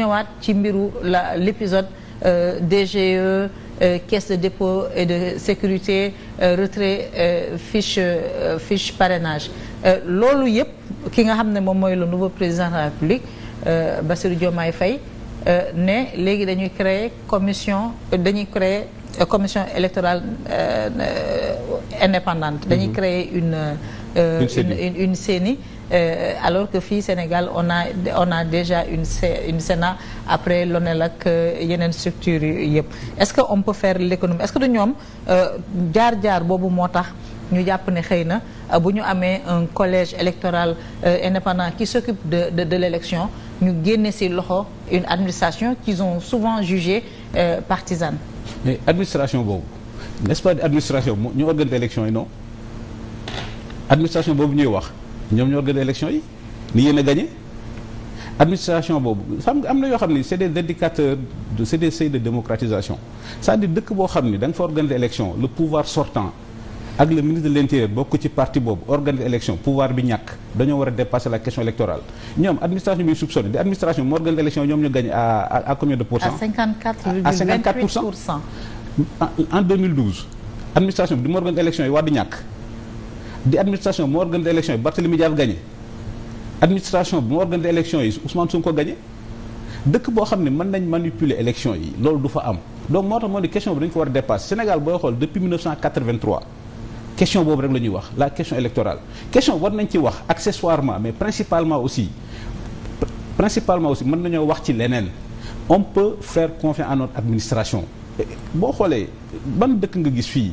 ñëwaat ci mbiru la l'épisode euh, DGE euh, caisse de dépôt et sécurité euh, retrait euh, fiche euh, fiche parrainage euh, loolu yëpp ki nga xam ne moom mooy le nouveau président de la République Bassirou Diomaye Faye ne léegi dañuy créer commission dañuy créer commission électorale indépendante mm-hmm. dañuy créer une une une CENI euh, alors que fii Sénégal on a on a déjà une une Sénat après l'ONEL ak euh, yeneen structures yëpp est-ce que on peut faire l'économie est-ce que du ñoom euh, jaar-jaar boobu moo tax ñu jàpp ne xëy na euh, bu ñu amee un collège électoral indépendant qui s'occupe de de de l'élection ñu génne si loxo une administration qu'ils ont souvent jugée euh, partisane. mais administration boobu n'est-ce pas administration ñu organise élection yi non administration boobu ñuy wax. ñoom ñoo gën élection yi ni yéen a gagné administration boobu xam am na yoo xam ni c'est des indicateurs c'est des de démocratisation cest dire dëkk boo xam ni da nga fa organiser élection le pouvoir sortant ak le ministre l'intérieur bokk ci parti boobu organiser élection pouvoir bi ñàkk dañoo war a dépasser la question électorale ñoom administration bi soupçonné di administration moo organiser élection ñoom ñu gagné à à combien pour cent. à 54,28 pour cent en war ñàkk. di administration moo organisé élection yi Barthélemy Dias gagné administration moo organisé élection yi Ousmane ko gagné dëkk boo xam ne mën nañ manipuler élection yi loolu du fa am donc moo tax moo ne question bi dañ ko war a dépasser Sénégal booy xool depuis 1983 question boobu rek la ñuy wax la question électorale question war nañ ci wax accessoirement mais principalement aussi principalement aussi mën nañoo wax ci leneen on peut faire confiance à notre administration boo xoolee ban dëkk nga gis fii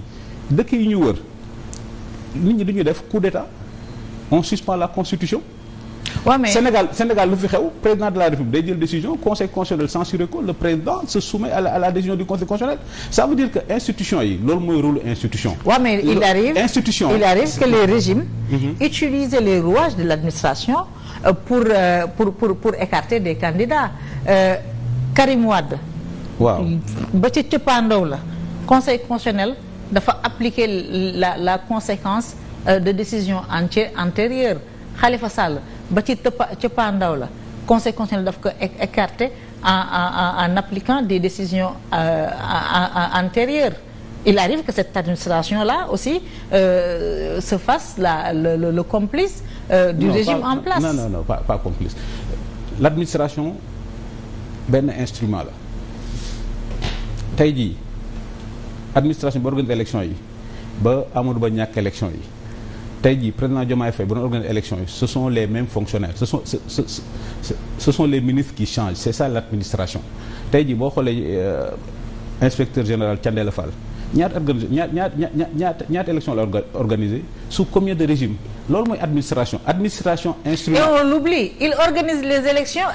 dëkk yi ñu wër nit ñi dañuy def coup d'état on suspend la constitution. waaw mais Sénégal Sénégal lu fi xew président de la République day jël décision conseil constitutionnel censuré ko le président se soumet à la, à la décision du conseil constitutionnel ça veut dire que institution yi loolu mooy rôle institution. les régimes. mm de l'administration euh, pour euh, pour pour pour écarter des candidats euh, Karim Wade. waaw ba ci cëppaandaw la conseil constitutionnel. dafa appliquer la la conséquence euh, de décision entière antérieure Khalifa Sall ba ci tëppa cëppaandaw la conséquence constitutionnel daf ko écarté en en en appliquant des décisions euh, antérieures il arrive que cette administration là aussi euh, se fasse la le le, le complice euh, du non, régime pas, en place non non non pas complice l'administration benn instrument la tey administration bi organise élection yi ba Amadou Ba ñàkk élection yi tey jii président Diomaye Faye bu doon organise élection yi ce sont les mêmes fonctionnaires ce sont ce ce ce ce sont les ministres qui changent c'est ça l'administration tey jii boo xoolee euh, inspecteur général Thiendella Fall ñaata organisé ñaata ñaata ñaata ñaata élection la organisé sous combien de régime loolu mooy administration administration instrument. on l'oublie il organise les élections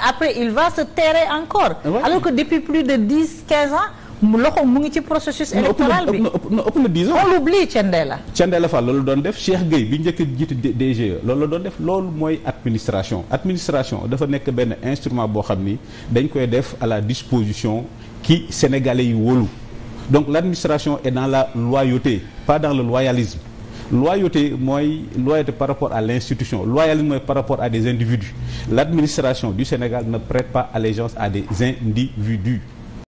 mu loxo mu ngi ci processus électoral bi na ëpp na dix ans on l'oublie doon def Cheikh Gueye bi njëkk jiit jiite DGE loolu la doon def loolu mooy administration administration dafa nekk benn instrument boo xam ni dañ koy def à la disposition ki sénégalais yi wóolu donc l'administration est dans la loyauté pas dans la loyalisme loyauté mooy loyauté par rapport à l'institution loyalisme mooy par rapport à des individus l'administration du Sénégal ne prête pas allégeance à des individus